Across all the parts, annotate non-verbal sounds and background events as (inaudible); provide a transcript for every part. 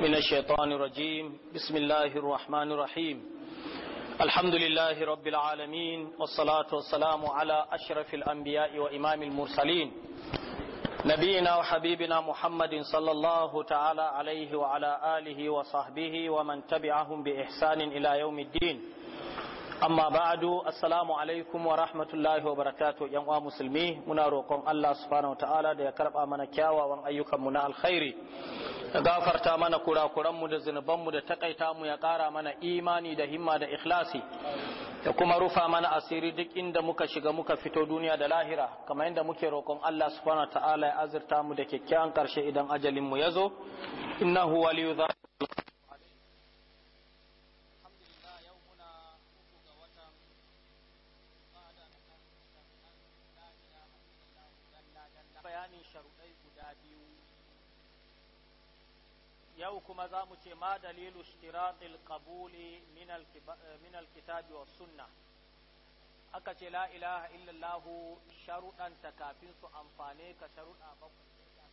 من الشيطان الرجيم بسم الله الرحمن الرحيم الحمد لله رب العالمين والصلاة والسلام على أشرف الأنبياء وإمام المرسلين نبينا وحبيبنا محمد صلى الله تعالى عليه وعلى آله وصحبه ومن تبعهم بإحسان إلى يوم الدين amma ba'adu assalamu alaikum wa rahmatullahi wa barakatuh yan uwa musulmi muna roƙon Allah subhanahu ta'ala da ya karba mana kyawawan ayyukan mu na alkhairi gafarta mana kurakuranmu da mu da takaita mu ya kara mana imani da himma da ikhlasi da kuma rufa mana asiri duk inda muka shiga muka fito duniya da lahira kamar yadda muke roƙon Allah subhanahu ta'ala ya azurta mu da kyakkyawan ƙarshe idan ajalin mu yazo innahu waliyu yau kuma za mu ce ma dalilu shtiratil qabuli min alkitabi eh, wa sunna aka ce la ilaha illallah sharuɗan ta kafin su amfane ka sharuɗa bakwai ka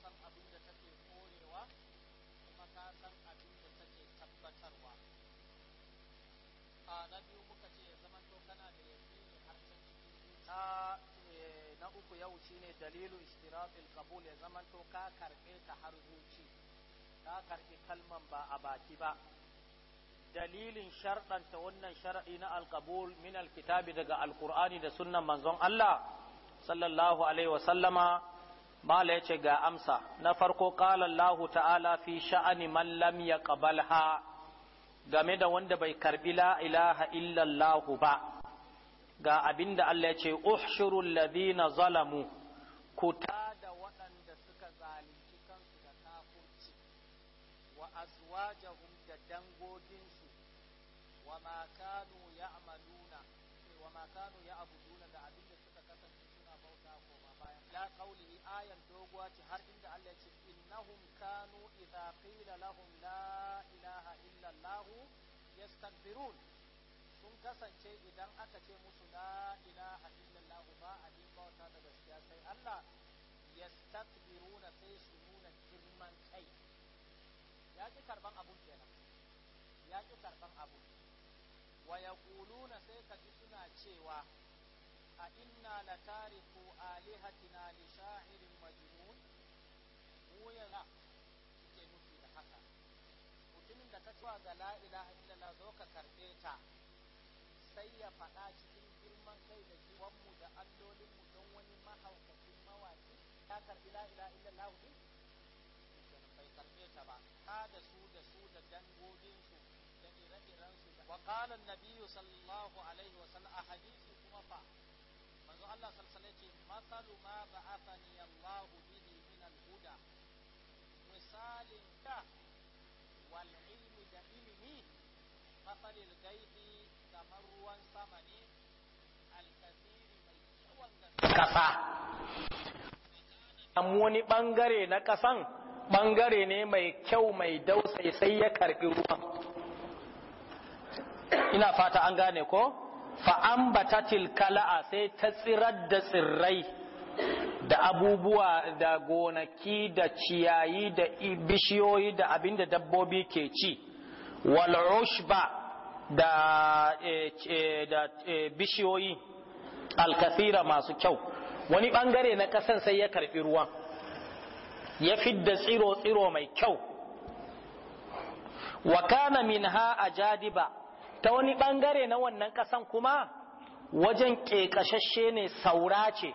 san abin da take korewa kuma ka san abin da take tabbatarwa a na biyu muka ce zaman to kana da yaƙini har ta cikin na uku yau shine dalilu istirabil kabul ya zamanto ka karɓe ta har zuci ka karɓi kalman ba a baki ba dalilin sharɗanta wannan shar'i na alqabul min alkitabi daga alkur'ani da sunnan manzon Allah sallallahu alaihi wa sallama mala yace ga amsa na farko qala Allah ta'ala fi sha'ani man lam yaqbalha game da wanda bai karbi la ilaha illallah ba ga abin da Allah ya ce uhshurul ladina zalamu ku tada waɗanda suka zalunci kansu da kafirci wa azwajahum da dangoginsu wa ma kanu ya'maluna wa ma kanu ya'buduna da abin da suka kasance suna bauta ko ba bayan la qawlihi ayan doguwa ce har inda Allah ya ce innahum kanu idza qila lahum la ilaha illa allah yastakbirun kasance idan aka ce musu la ilaha illallah ba din bauta da gaskiya sai Allah ya yastakbiruna sai su nuna girman kai ya ki karban abun kenan ya ki karban abu wa yaquluna sai ka ji suna cewa a inna latariku alihatina li sha'irin majnun mu yana ke nufi da haka mutumin da ka cewa ga la ilaha illallah zo ka karbe ta sai ya faɗa cikin girman kai da jiwanmu da allolinmu don wani mahaukacin mawaki ya karɓi la ila illa Allah din bai karɓe ta ba ka da su da su da dangogin da ire-iren su wa qala an-nabiyyu sallallahu alaihi wa sallam a hadisi kuma fa manzo Allah sallallahu alaihi ce masalu ma ba'athani Allah bihi min al-huda misalin ka wal ilmi da ilmi masalil gaibi ƙasa wani ɓangare na ƙasan, ɓangare ne mai kyau mai dausai sai ya karɓi ruwan ina fata an gane ko fa'an batatil sai ta tsirar da tsirrai da abubuwa da gonaki da ciyayi da bishiyoyi da abin da dabbobi ke ci ba da e, e, e, bishiyoyi alkasira masu kyau wani bangare na kasan sai ya karɓi ruwa ya fidda tsiro-tsiro mai kyau wa kana min ha a jadiba ta wani bangare na wannan kasan kuma wajen ƙeƙashashe ne saura ce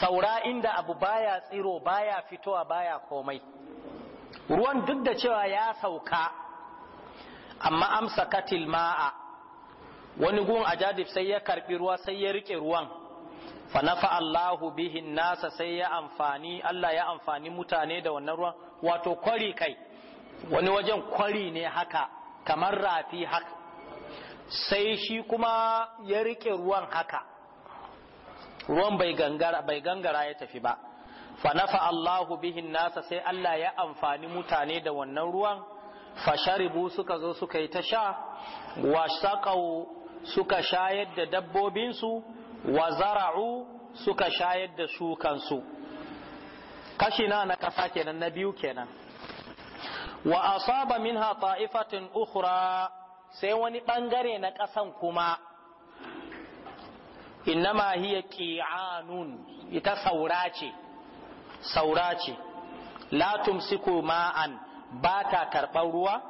saura inda abu baya tsiro baya fitowa baya komai ruwan duk da cewa ya sauka amma amsa katil ma'a wani gun a jadif sai ya karbi ruwa sai ya rike ruwan fa nafa Allahu bihin nasa sai ya amfani Allah ya amfani mutane da wannan ruwan wato kwari kai wani wajen kwari ne haka kamar rafi haka sai shi kuma ya rike ruwan haka ruwan bai gangara ya tafi ba fa nafa Allahu bihin nasa sai Allah ya amfani mutane da wannan ruwan fasharibu suka zo suka yi ta sha wa saƙau suka shayar da dabbobinsu wa zara'u suka shayar da shukansu kashi na na ƙasa kenan na biyu kenan wa asaba minha ta'ifatin ukhra sai wani ɓangare na ƙasan kuma innama hiya qi'anun ita saura ce saura ce la tumsiku ma'an ba ta karɓar ruwa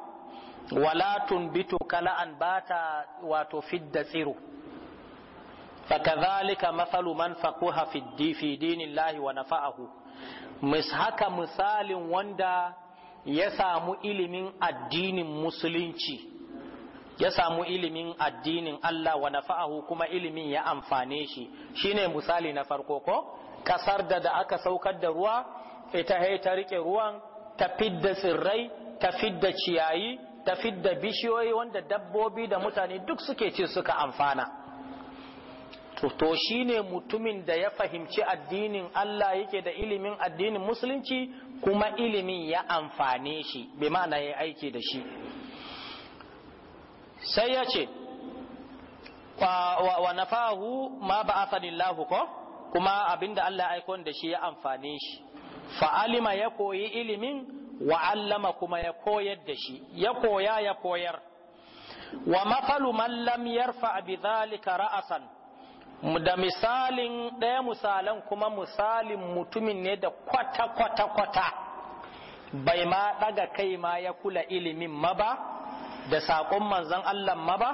wala tunbitu kala'an ba ta wato fidda tsiro fakazalika masalu man faquha fi dinillahi wa nafa'ahu mis haka misalin wanda ya samu ilimin addinin musulunci ya samu ilimin addinin Allah wa nafa'ahu kuma ilimin ya amfane shi shine misali na farko ko kasar da da aka saukar da ruwa ita hai ta rike ruwan ta fidda tsirrai ta fidda ciyayi ta fidda bishiyoyi wanda dabbobi da mutane duk suke ce suka amfana to shi ne mutumin da ya fahimci addinin Allah yake da ilimin addinin musulunci kuma ilimin ya amfane shi bai ma'ana ya aiki da shi sai ya ce wa nafahu ma ba'athanillahu ko kuma abinda Allah ya aiko da shi ya amfane shi fa'alima ya koyi ilimin wa'allama kuma ya koyar da shi ya koya ya koyar wa mafalu mallam yarfa bi dhalika ra'asan da misalin ɗaya misalan kuma misalin mutumin ne da kwata kwata kwata bai ma ɗaga kai ma ya kula ilimin ma ba da saƙon manzon Allah ma ba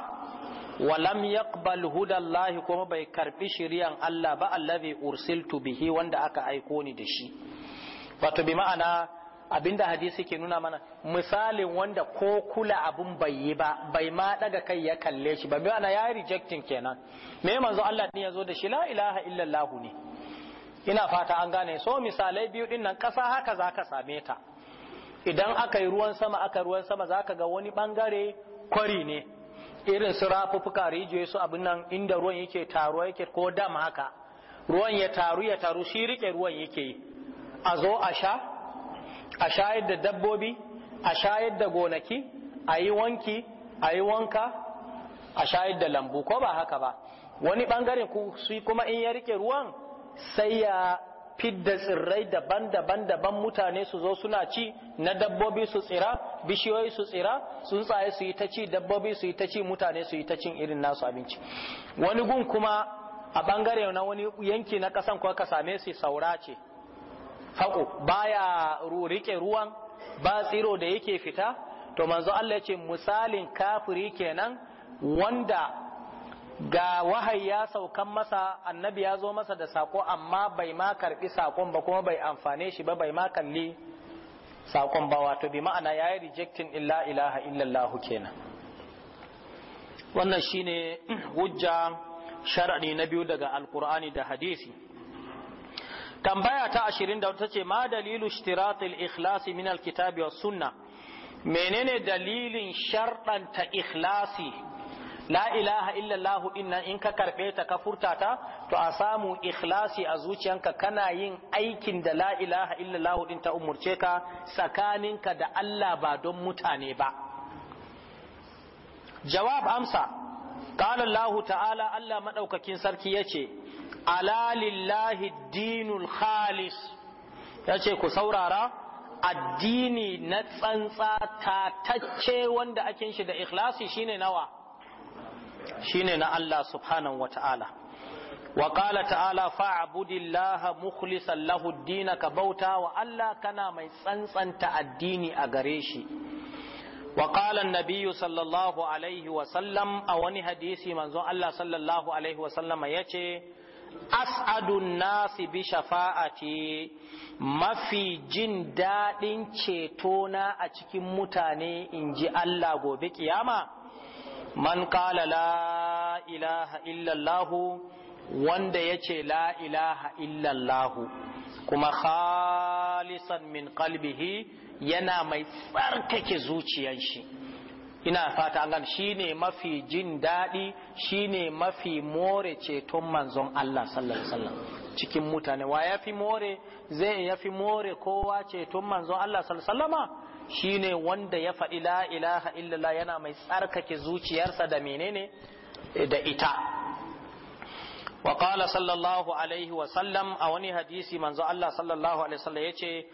wa lam yaqbal hudallahi kuma bai karɓi shiriyan Allah ba Allah bai ursiltu bihi wanda aka aiko ni da shi wato bi ma'ana abinda hadisi ke nuna mana misalin wanda ko kula abun bai yi ba bai ma daga kai ya kalle shi ba bi ma'ana ya rejectin kenan me manzo Allah ne yazo da shi la ilaha illallah ne ina fata an gane so misalai biyu din nan kasa haka zaka same ta idan aka yi ruwan sama aka ruwan sama zaka ga wani bangare kwari ne irin su rafuffuka rijiyoyi su abin nan inda ruwan yake taruwa yake ko dam haka ruwan ya taru ya taru shi rike ruwan yake a zo a sha a shayar da dabbobi a shayar da gonaki a yi wanki a yi wanka a shayar da lambu ko ba haka ba wani bangaren su kuma in ya rike ruwan sai ya fidda tsirrai daban-daban daban mutane su zo suna ci na dabbobi su tsira bishiyoyi su tsira tsuntsaye su yi ta ci dabbobi su yi ta ci mutane su yi ta cin irin nasu abinci wani gun kuma a bangare na wani yanki na kasan kuwa ka same su saura ce haƙo baya rurike ruwan ba tsiro da yake fita to manzo Allah ce misalin kafiri kenan wanda ga wahayi ya saukan masa annabi ya zo masa da sako amma bai ma karbi sakon ba kuma bai amfane shi ba bai ma kalli sakon ba wato bi ma'ana yayi rejecting illa ilaha illallah kenan wannan shine hujja shar'i na biyu daga alqur'ani da hadisi tambaya ta da ta ce ma dalilu shtiratul ikhlasi min alkitabi was sunna menene dalilin sharɗanta ikhlasi la ilaha illallah inna in ka karbe ta ka furta ta to a samu ikhlasi a zuciyanka kana yin aikin da la ilaha illallah din ta umurce ka tsakaninka da Allah ba don mutane ba jawab amsa qala Allah ta'ala Allah madaukakin sarki yace ala lillahi dinul khalis ya ce ku saurara addini na tsantsa tatacce wanda ake shi da ikhlasi shine nawa shine na Allah subhanahu wa ta'ala wa qala ta'ala fa'budillaha mukhlishan lahu ad-din ka bauta wa Allah kana mai tsantsanta addini a gare shi وقال النبي صلى الله عليه وسلم أو حديثي منزو الله صلى الله عليه وسلم يتي as'adun nasi bi shafa'ati mafi jin daɗin cetona a cikin mutane in ji Allah gobe kiyama man kala la ilaha illallahu wanda yace ce la ilaha illallahu kuma khalisan min ƙalbihi yana mai tsarkake zuciyar shi ina fata an gane shine mafi jin daɗi shine mafi more ceton manzon Allah sallallahu alaihi wasallam cikin mutane wa ya fi more zai ya fi more kowa ceton manzon Allah sallallahu alaihi wasallama ne wanda ya faɗi la ilaha illallah yana mai tsarkake zuciyarsa da menene da ita wa qala sallallahu alaihi wasallam a wani hadisi manzon Allah sallallahu alaihi wasallam yace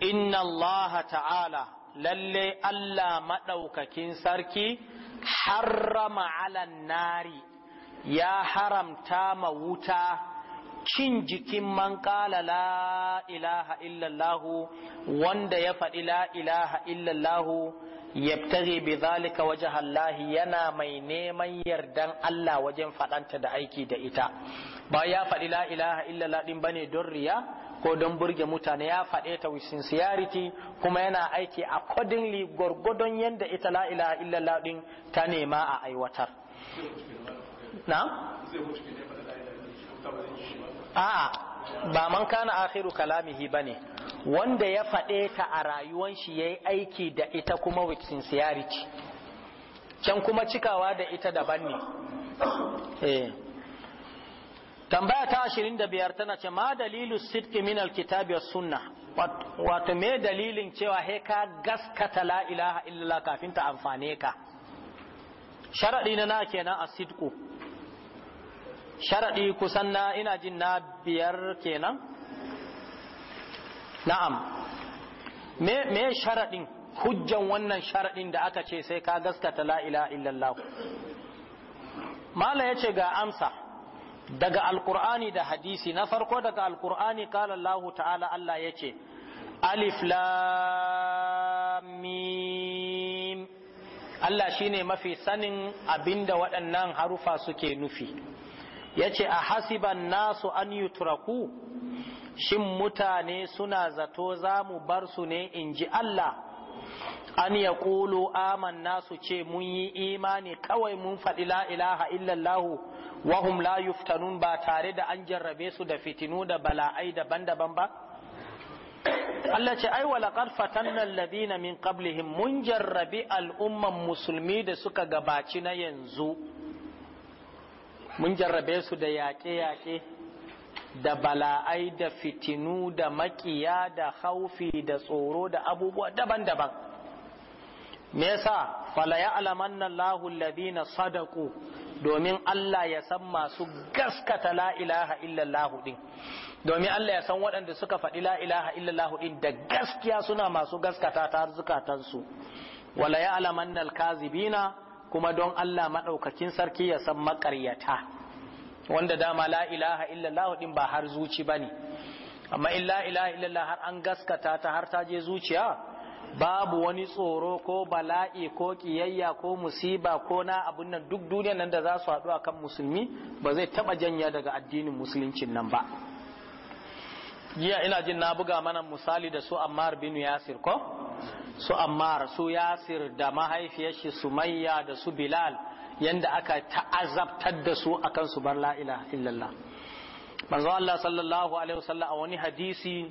inna Allah ta'ala lalle Allah maɗaukakin sarki harrama alan nari ya haramta ma wuta cin jikin man kala la ilaha illallahu wanda ya faɗi la ilaha illallahu yabtaghi bi zalika waje Allah yana mai neman yardan Allah wajen faɗanta da aiki da ita ba ya faɗi la ilaha illallah ba bane don riya ko don burge mutane ya faɗe ta with sincerity kuma yana aiki accordingly gwargwadon yadda ita la ilaha illallah din ta nema a aiwatar na a'a ba man kana akhiru kalamihi bane wanda ya faɗe ta a rayuwan shi yayi aiki da ita kuma with sincerity can kuma cikawa da ita daban ne eh tambaya ta ashirin da biyar tana ce ma dalilu sidki min alkitabi was sunna wato me dalilin cewa he ka gaskata la ilaha illallah kafin ta amfane ka sharadi na na kenan a sidku sharadi kusan na ina jin na biyar kenan na'am me me sharadin hujjan wannan sharadin da aka ce sai ka gaskata la ilaha illallah mala yace ga amsa daga alkur'ani da hadisi na farko daga alkur'ani kala Allah ta'ala Allah ya ce alif lamim Allah shine mafi sanin abinda waɗannan harufa suke nufi ya ce a hasiban nasu an yutraku shin mutane suna zato za mu bar su ne in ji Allah an ya amanna su ce mun yi imani kawai mun faɗi la ilaha illallahu wahum la yuftanun ba tare da an jarrabe su da fitinu da bala'ai daban-daban ba Allah ce ai walaqad fatanna alladhina min qablihim mun jarrabi al'umman musulmi da suka gabaci na yanzu mun jarrabe su da yaƙe-yaƙe da bala'ai da fitinu da makiya da haufi da tsoro da abubuwa daban-daban me yasa fala ya'lamanna Allahu alladhina Sadaku, domin Allah ya san masu gaskata la ilaha illallah din domin Allah ya san waɗanda suka faɗi la ilaha illallah din da gaskiya suna masu gaskata ta zukatansu wala ya'lamanna alkazibina kuma don Allah madaukakin sarki ya san maƙaryata. wanda dama la ilaha illallah din ba har zuci bane amma in la ilaha illallah har an gaskata ta har ta je zuciya babu wani tsoro ko bala'i ko kiyayya ko musiba ko na abun nan duk duniyan nan da za su haɗu akan musulmi ba zai taɓa janya daga addinin musuluncin nan ba jiya ina jin na buga mana misali da su ammar bin yasir ko su ammar su yasir da mahaifiyar shi sumayya da su bilal yanda aka ta'azabtar da su akan su bar la illallah manzo Allah sallallahu alaihi wasallam a wani hadisi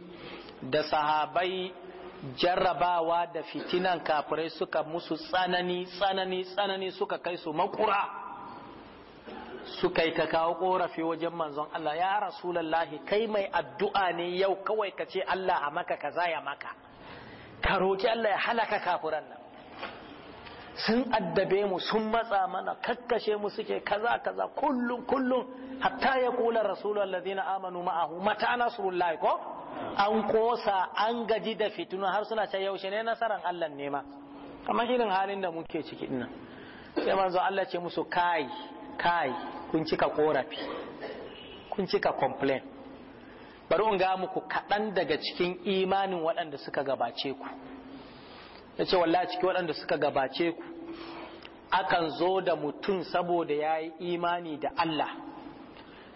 da sahabai jarrabawa da fitinan kafirai suka musu tsanani tsanani tsanani suka kai su makura suka yi ta kawo korafi wajen manzon Allah ya rasulallahi kai mai addu'a ne yau kawai ka ce Allah a maka kaza ya maka ka roki Allah ya halaka kafiran nan sun addabe mu sun matsa mana kakkashe mu suke kaza kaza kullum kullum hatta ya kula rasulun allazina amanu ma'ahu mata nasrullahi ko an kosa an gaji da fituna har suna ce yaushe ne nasaran Allah nema. ma kamar irin halin da muke ciki dinnan sai manzo Allah ce musu kai kai kun cika korafi kun cika complain bari in ga muku kaɗan daga cikin imanin waɗanda suka gabace ku ya ce wallahi cikin waɗanda suka gabace ku akan zo da mutum saboda ya yi imani da Allah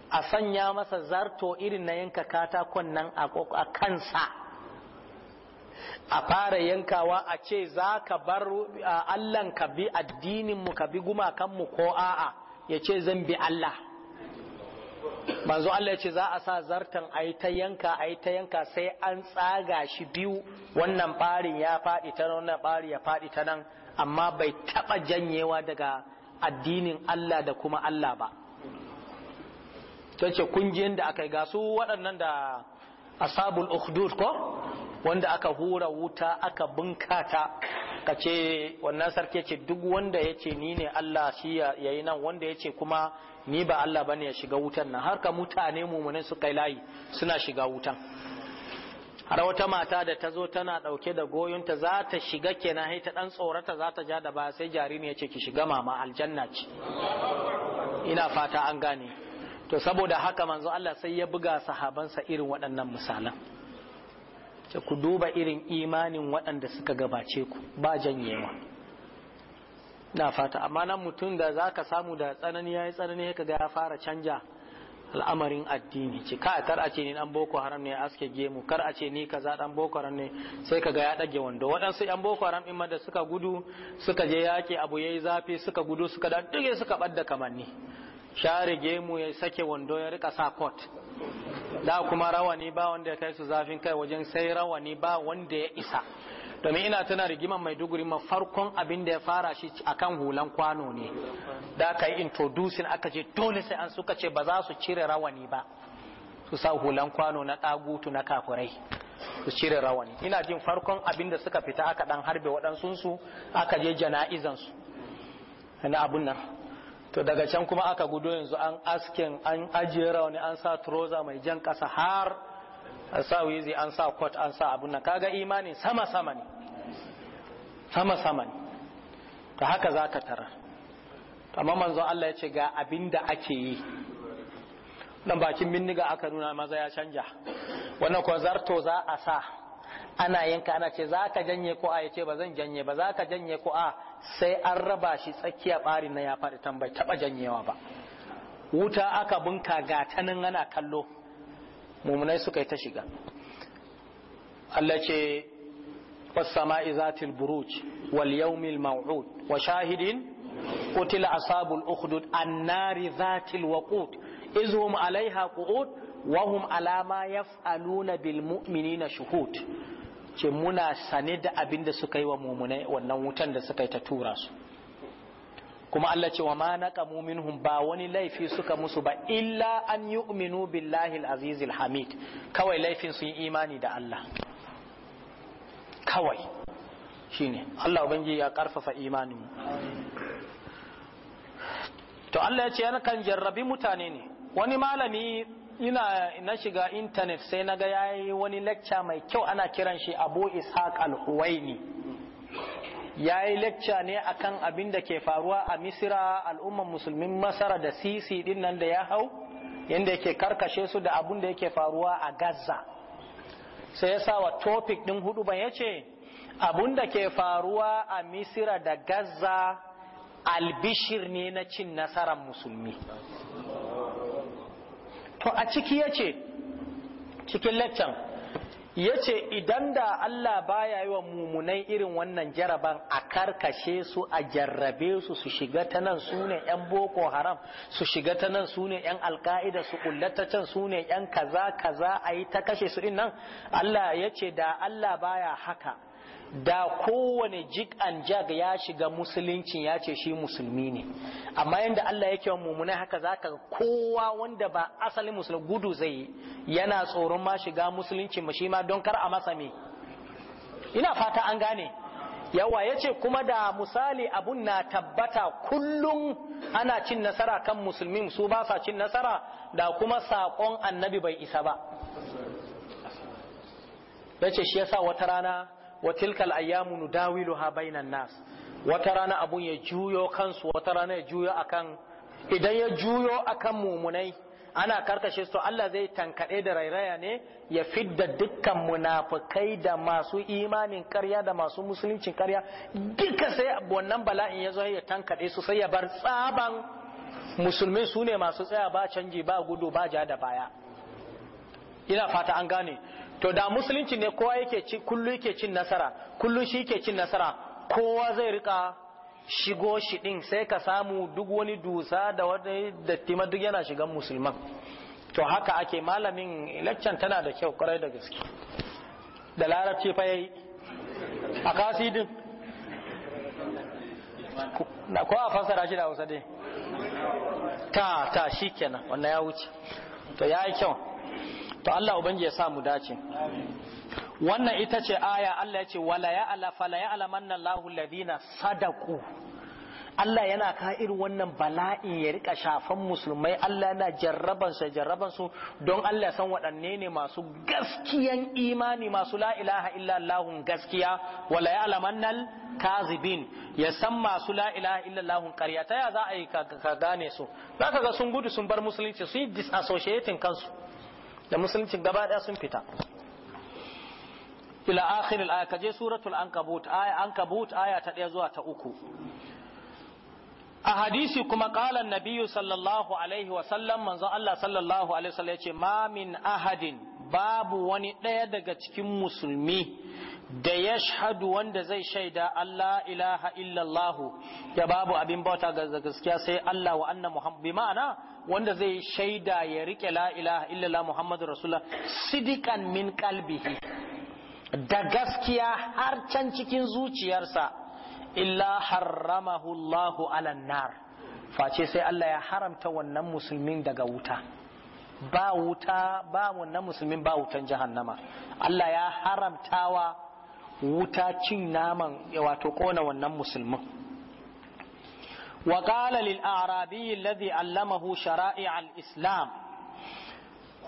a sanya masa zarto irin na yanka katakon nan a kansa a fara yankawa a ce za ka bar Allahn ka bi addininmu ka bi gumakanmu ko a'a yace zan bi Allah manzo Allah ya ce za a sa zartan ai ta yanka ai ta yanka sai an tsaga shi biyu wannan barin ya faɗi ta nan wannan bari ya faɗi ta nan amma bai taɓa janyewa daga addinin Allah da kuma Allah ba tace ce kungiyar da aka yi gasu waɗannan da asabul ukhdud ko wanda aka hura wuta aka bunkata ka ce wannan sarki ce duk wanda ya ce ni ne Allah shi ya yi nan wanda ya ce kuma ni ba Allah ba ne ya shiga wutan nan har ka mutane mumunin su kai layi suna shiga wutan har wata mata da ta zo tana ɗauke da goyonta za ta shiga kenan sai ta ɗan tsorata za ta ja da baya sai jaririn ya ce ki shiga mama aljanna ce ina fata an gane to saboda haka manzo Allah sai ya buga sahabansa irin waɗannan misalan ku duba irin imanin waɗanda suka gabace ku ba janyewa na fata amma nan mutum da za ka samu da tsanani ya yi tsanani ka ga ya fara canja al'amarin addini ce ka kar a ce ni dan boko haram ne aske gemu kar a ce ni kaza dan boko haram ne sai kaga ya dage wando waɗansu yan boko haram in da suka gudu suka je yake abu yayi zafi suka gudu suka dan duke suka badda kamanni share gemu ya sake wando ya rika sa kot. da kuma rawani ba wanda ya kai su zafin kai wajen sai rawani ba wanda ya isa domin ina tana rigiman maiduguri ma farkon abin da ya fara shi akan hulan kwano ne da aka yi introducing aka ce dole sai an suka ce ba za su cire rawani ba su sa hulan kwano na ɗagutu na kafurai su cire rawani ina jin farkon abin da suka fita aka dan harbe waɗansunsu aka je jana'izansu na abun nan to daga can kuma aka gudu yanzu an asken an ajiye rawani an sa troza mai jan ƙasa har an sa an sa kwat an sa abun nan kaga imanin sama sama ne sama saman to haka za ka tara amma manzo Allah ya ce ga abin da ake yi dan bakin bindiga aka nuna maza ya canja wannan kuwa zarto za a sa ana yanka ana ce za ka janye ko a ya ce ba zan janye ba za ka janye ko a sai an raba shi tsakiya ɓari na ya faɗi tambayi taɓa janyewa ba wuta aka bunka gatanin ana kallo mummunai suka yi ta shiga Allah ce والسماء ذات البروج واليوم الموعود وشاهد قتل أصحاب الأخدود النار ذات الوقود إذ هم عليها قعود وهم على ما يفعلون بالمؤمنين شهود ce muna sane da abin da suka yi wa mumunai wannan wutan da suka yi ta tura su kuma Allah ce wa ma naqamu minhum ba wani laifi suka musu ba illa an yu'minu billahi al-azizil hamid kawai laifin sun imani da Allah kawai shine Allah ubangiji ya karfafa imanin mu to Allah ya ce yana kan jarrabi mutane ne wani malami ina na shiga intanet sai na ga yayi wani lecture mai kyau ana kiran shi Abu Ishaq Al-Huwaini yayi lecture ne akan abin da ke faruwa a Misira al'umman musulmin Masara da Sisi din nan da ya hau yanda yake karkashe su da abin da yake faruwa a Gaza sai ya sa wa topic din hudu ban ya ce da ke faruwa a misira da gaza albishir ne na cin nasaran musulmi to a ciki ya ce cikin lecture ya ce idan da Allah baya yi wa mummunai irin wannan jaraban a karkashe su a jarrabe su su shiga ta nan su ne 'yan boko haram su shiga ta nan su ne 'yan alka'ida su kullata can su ne 'yan kaza kaza a yi ta kashe su nan Allah ya ce da Allah baya haka da kowane an jag ya shiga musuluncin ya ce shi musulmi ne amma yadda Allah yake wa mummunai haka zaka kowa wanda ba asalin musulmi gudu zai yi yana tsoron ma shiga musulunci ma shi ma don kar a masa me ina fata an gane yawa yace kuma da misali abun na tabbata kullum ana cin nasara kan musulmi su ba sa cin nasara da kuma saƙon annabi bai isa ba yace shi yasa wata rana wa tilkal ayyamu nudawiluha bainan nas wata rana abun ya juyo kansu wata rana ya juyo akan idan ya juyo akan mumunai ana karkashe su Allah zai tankade da rairaya ne ya fidda dukkan munafukai da masu imanin karya da masu musuluncin karya duka sai wannan bala'in ya zo ya tankade su sai ya bar tsaban musulmi su ne masu tsaya ba canji ba gudu ba ja da baya ina fata an gane to da musulunci ne kowa yake ci kullu yake cin nasara kullu shi yake cin nasara kowa zai rika shigo shi din sai ka samu duk wani dusa da wani dattima duk yana shigan musulman to haka ake malamin laccan tana da kyau kwarai da gaske da larabci fa yayi a kasidin ko a fassara shi da Hausa dai ta ta shikenan wannan ya wuce to yayi kyau to Allah ubangi ya sa mu dace wannan ita ce aya Allah ya ce wala ala fala manna Allahu alladhina sadaku Allah yana ka irin wannan bala'i ya rika shafan musulmai Allah yana jarraban sa jarraban su don Allah san waɗanne ne masu gaskiyan imani masu la ilaha illa Allah gaskiya wala manna kazibin ya san masu la ilaha illa Allah ƙarya ta ya za a yi ka gane su zaka ga sun gudu sun bar musulunci su yi disassociating kansu da musulunci gaba daya sun fita ila akhiril aya kaje suratul ankabut aya ankabut aya ta daya zuwa ta uku a hadisi kuma qala nabiyyu sallallahu alaihi wa sallam manzon Allah sallallahu alaihi wa sallam yace ma min ahadin babu wani daya daga cikin musulmi da ya shahadu wanda zai shaida Allah ilaha illallah ya babu abin bauta ga gaskiya sai Allah wa anna Muhammad bi ma'ana wanda zai shaida ya rike la ilaha illallah muhammadu rasulullah sidikan min kalbihi da gaskiya har can cikin zuciyarsa illa harramahu Allahu alan nar face sai Allah ya haramta wannan musulmin daga wuta ba wuta ba wannan musulmin ba wutan jahannama Allah ya haramtawa wuta cin naman wato kona wannan musulmin وقال للأعرابي الذي علمه شرائع الإسلام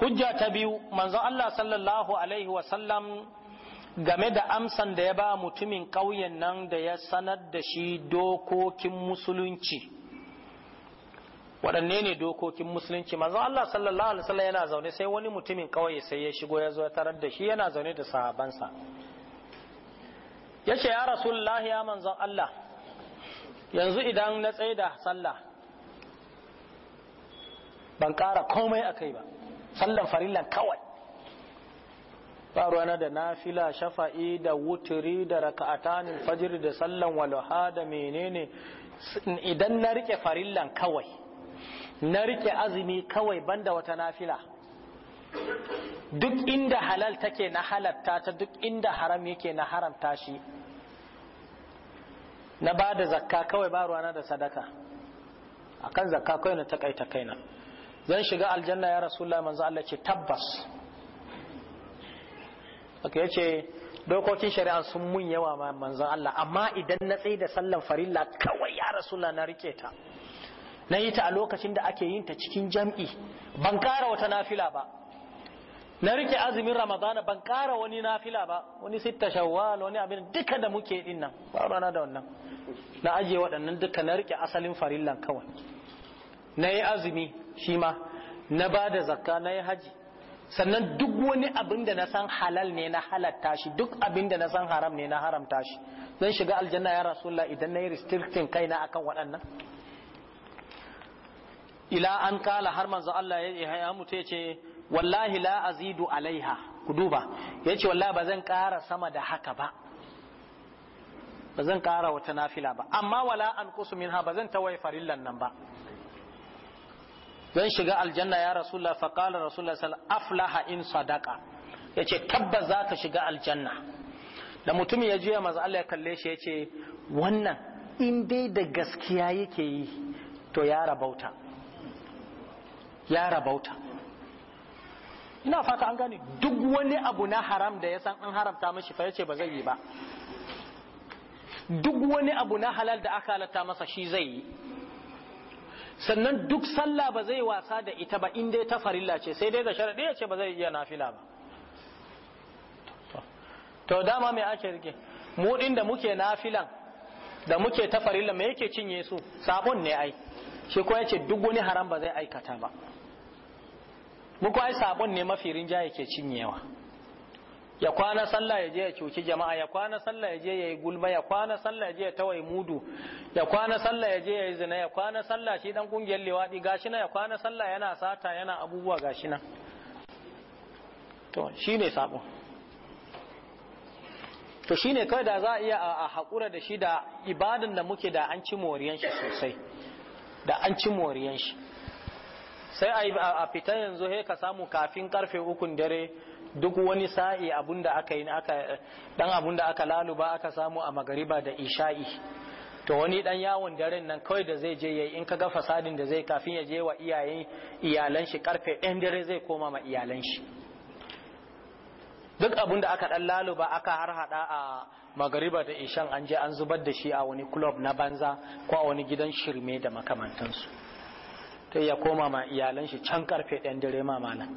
حجة بيو من الله صلى الله عليه وسلم game da amsan da ya ba mutumin ƙauyen nan da ya sanar da shi dokokin musulunci waɗanne ne dokokin musulunci manzon Allah sallallahu alaihi wasallam yana zaune sai wani mutumin ƙauye sai ya shigo ya zo ya tarar da shi yana zaune da sahabansa ce ya rasulullahi ya manzon Allah yanzu idan na tsaye da sallah ban ƙara komai a kai ba sallan farillan kawai ba ruwana da nafila shafa'i da wuturi da raka'atanin fajir da sallan walaha da menene idan na rike farillan kawai na rike azumi kawai banda wata nafila duk inda halal take na halatta ta duk inda haram yake na haramta shi na ba da zakka kawai ba ruwana da sadaka akan zakka kawai na takaita kaina zan shiga aljanna ya rasulullah manzo Allah ce tabbas aka yace dokokin shari'a sun mun yawa ma manzo Allah amma idan na tsaye da sallan farilla kawai ya rasu rasulullah na rike ta na yi ta a lokacin da ake yin ta cikin jam'i ban kara wata nafila ba na rike azumin ramadana ban kara wani nafila ba wani sita shawwal wani abin duka da muke din nan ba rana da wannan na ajiye waɗannan duka na rike asalin farillan kawai na yi azumi shi ma na ba da zakka na yi haji sannan duk wani abin da na san halal ne na halatta shi duk abin da na san haram ne na haramta shi zan shiga aljanna ya rasulullah idan na yi restricting kaina akan waɗannan ila an kala har manzo Allah ya mutu ya ce wallahi la azidu alaiha ku duba yace wallahi ba zan ƙara sama da haka ba ba zan ƙara wata nafila ba amma wala an kusu ha ba zan tawaye farillan nan ba zan shiga aljanna ya rasulullah fa qala rasulullah sallallahu aflaha in sadaqa yace tabbas zaka shiga aljanna da mutum ya je maza Allah ya kalle shi yace wannan in dai da gaskiya yake yi to ya rabauta ya rabauta ina fata an gane duk wani abu na haram da ya san an haramta mashi fa yace ba zai yi ba duk wani abu na halal da aka halatta masa shi zai yi sannan duk sallah ba zai wasa da ita ba in ta farilla ce sai dai da sharaɗi yace ba zai iya nafila ba to dama mai ake rike mu din da muke nafilan da muke ta farilla me yake cinye su sabon ne ai shi ko yace duk wani haram ba zai aikata ba muku ai sabon ne mafi rinja ke cinyewa ya kwana sallah ya je ya cuci jama'a ya kwana sallah ya je ya yi gulma ya kwana sallah ya je ya tawaye mudu ya kwana sallah ya je ya yi zina ya kwana sallah shi dan kungiyar lewadi gashi na ya kwana sallah yana sata yana abubuwa gashi na to shi ne sabon to shi ne kawai da za a iya a haƙura da shi da ibadan da muke da an ci moriyan shi sosai da an ci moriyan shi sai a fita yanzu he ka samu kafin karfe ukun dare duk wani sa'i abunda aka yi aka dan abunda aka laluba aka samu a magariba da isha'i to wani dan yawon daren nan kawai da zai je yayi in ka ga fasadin da zai kafin ya je wa iyayen iyalan shi karfe ɗan dare zai koma ma iyalan shi duk abun da aka dan laluba aka har hada a magariba da ishan an je an zubar da shi a wani club na banza ko a wani gidan shirme da makamantansu ta ya koma ma iyalan shi can karfe ɗan dare ma mana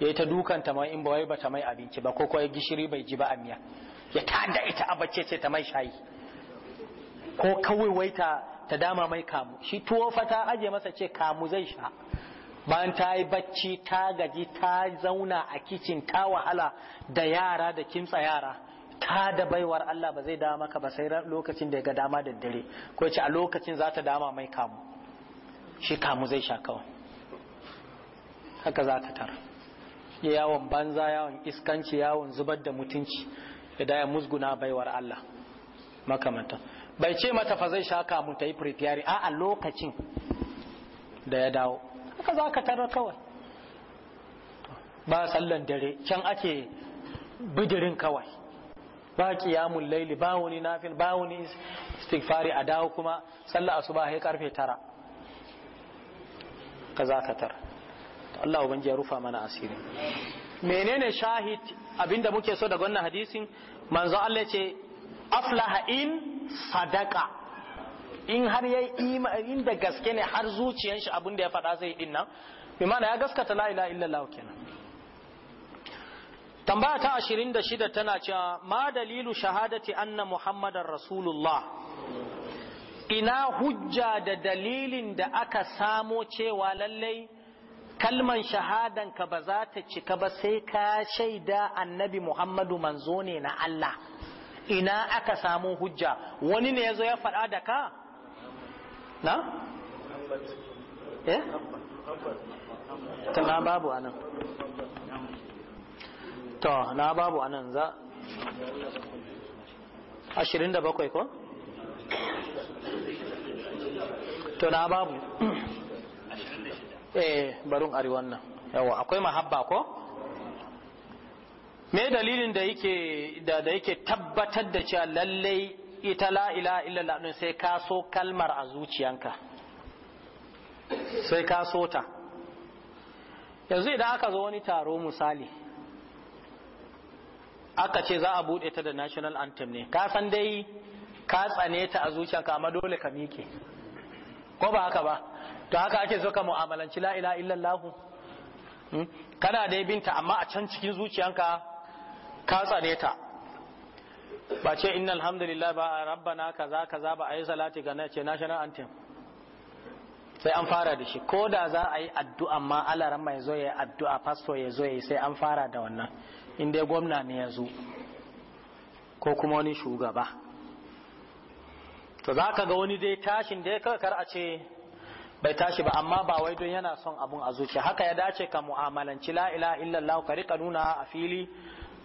yayi ta dukanta ma in ba wai bata mai abinci ba ko kawai gishiri bai ji ba a miya ya da ita a bace ce ta mai shayi ko kawai wai ta ta dama mai kamu shi tuwo fa ta aje masa ce kamu zai sha bayan ta yi bacci ta gaji ta zauna a kicin ta wahala da yara da kimtsa yara ta da baiwar Allah ba zai dama maka ba sai lokacin da ya ga dama da dare ko ce a lokacin za ta dama mai kamu shi kamu zai sha kawai haka za ka tara ya yawon banza yawon iskanci yawon zubar da mutunci ya daya musguna baiwar Allah makamanta bai ce mata fa zai sha kamu ta yi preparing a a lokacin da ya dawo haka za ka tara kawai ba sallan dare can ake bidirin kawai ba kiyamun laili ba wani nafin, ba wani istighfari a dawo kuma sallar asuba sai karfe tara Ka za ka tar Allah ubangiji ya rufa mana asiri menene shahid abinda muke so da wannan hadisin manzo Allah ce aflaha in sadaka in har yayi imanin da gaske ne har zuciyar shi abinda ya faɗa zai din nan bi mana ya gaskata la ilaha illallah kenan tambaya ta 26 tana cewa ma dalilu shahadati anna muhammadar rasulullah ina hujja da dalilin da aka samo cewa lallai kalman shahadanka ba za ta cika ba sai ka shaida annabi Muhammadu manzo ne na Allah ina aka samu hujja wani ne ya zo ya faɗa da ka? na? eh? na babu anan to na babu anan za 27 ko? to na babu eh barin ari wannan yawa akwai mahabba ko me dalilin da yake da da yake tabbatar da cewa lallai ita la ilaha illallah din sai ka so kalmar a zuciyanka sai ka so ta yanzu idan aka zo wani taro misali aka ce za a bude ta da national anthem ne ka san dai ka tsane ta a zuciyanka amma dole ka mike ko ba haka ba to haka ake so ka mu'amalanci la ilaha illallah hmm? kana da binta amma a can cikin zuciyanka ka tsare ta ba ce inna alhamdulillah ba rabbana kaza kaza ba yi salati ga ce national anthem sai an fara da shi ko da za a yi addu'a ma alaran mai zo ya yi addu'a pastor ya zo ya yi sai an fara da wannan in dai gwamna ne ya zo ko kuma wani shugaba to za ka ga wani dai tashin dai kar a ce bai tashi ba amma ba wai don yana son abun a zuciya haka ya dace ka mu'amalanci la illallah ka rika nuna a fili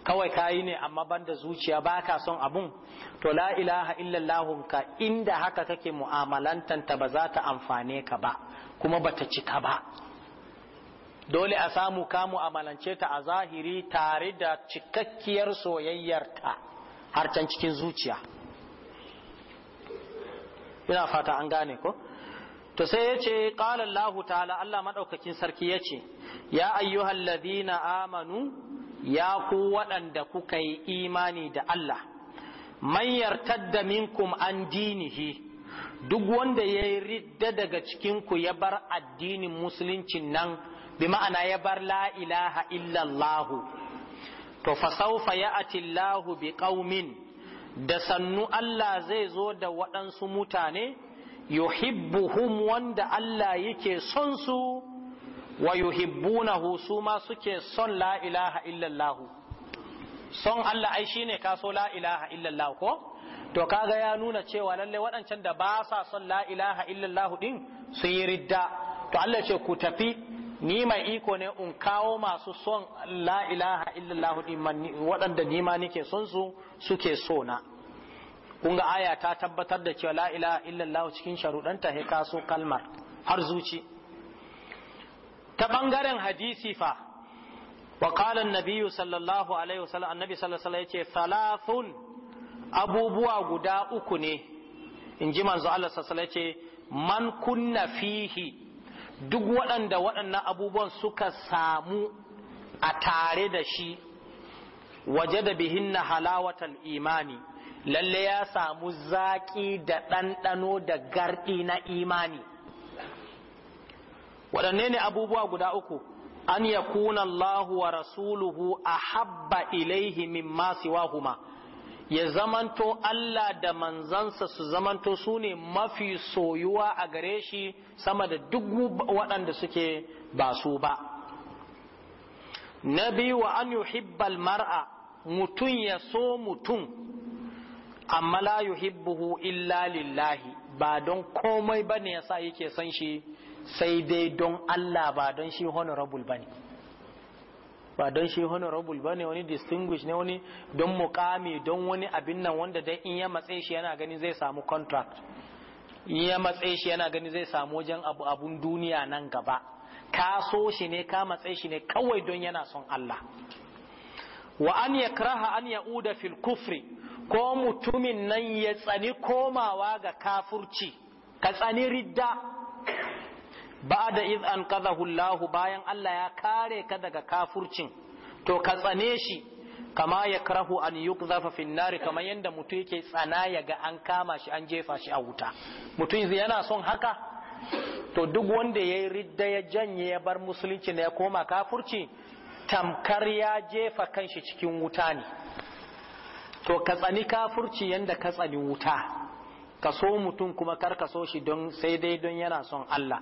kawai kayi ne amma ban da zuciya ba ka son abun to la ilaha illallah ka inda haka kake mu'amalantanta ba za ta amfane ka ba kuma ba ta cika ba dole a samu ka mu'amalance ta a zahiri tare da cikakkiyar soyayyarta har can cikin zuciya ina fata an gane ko to sai yace qala Allahu ta'ala Allah madaukakin sarki yace ya ayyuhal ladina amanu ya ku waɗanda kuka yi imani da Allah man yartadda minkum an dinihi duk wanda ya ridda daga cikinku ya bar addinin musuluncin nan bi ma'ana ya bar la ilaha illallahu to sawfa ya'ti atillahu bi qaumin da sannu Allah zai zo da waɗansu mutane yuhibbuhum wanda Allah yake son su wa yuhibbunahu su ma suke son la ilaha illallah son Allah ai shine ka so la ilaha illallah ko to kaga ya nuna cewa lalle waɗancan da ba sa son la ilaha illallah din sun yi ridda to Allah ce ku tafi ni mai iko ne in kawo masu son la ilaha illallah waɗanda ni ma nike son su suke so na kun ga aya ta tabbatar da cewa la ilaha illallah cikin ta he kaso kalmar har zuci ta ɓangaren hadisi fa wa qala an-nabiy sallallahu alaihi wasallam annabi sallallahu alaihi yace salathun abubuwa guda uku ne in ji manzo Allah sallallahu alaihi yace man kunna fihi duk waɗanda waɗannan abubuwan suka samu a tare da shi waje da bihinna halawatan imani lalle ya samu zaƙi da ɗanɗano da garɗi na imani waɗanne ne abubuwa guda uku an yakuna Allahu wa rasuluhu a habba ilaihi min masu wahuma ya zamanto Allah da manzansa su zamanto su ne mafi soyuwa a gare shi sama da duk waɗanda suke ba su ba na biyu wa an yuhibbal mar'a mutum ya so mutum amma la yuhibbuhu illa lillahi ba don komai ba ne ya sa yake son shi sai dai don Allah ba don shi honorable ne. ba don shi honorable ba ne wani distinguish ne wani don mukami don wani abin nan wanda dai in ya matse shi yana gani zai samu contract in ya matse shi yana gani zai samu wajen abu abun duniya nan gaba ka so shi ne ka matse shi ne kawai don yana son Allah wa an yakraha an ya'uda fil kufri ko mutumin nan ya tsani komawa ga kafurci ka tsani ridda da iz anqadhahu Allah bayan Allah ya kare ka daga kafurcin to ka tsane shi kama ya karahu an yi fin nari kama yanda mutum yake tsana ya ga an kama shi an jefa shi a wuta mutum yana son haka to duk wanda ya yi ridda ya janye ya bar musulunci ne ya koma kafurci tamkar ya jefa kanshi cikin wuta ne to ka tsani kafurci yanda ka tsani wuta ka so mutum kuma kar ka so shi don sai dai don yana son Allah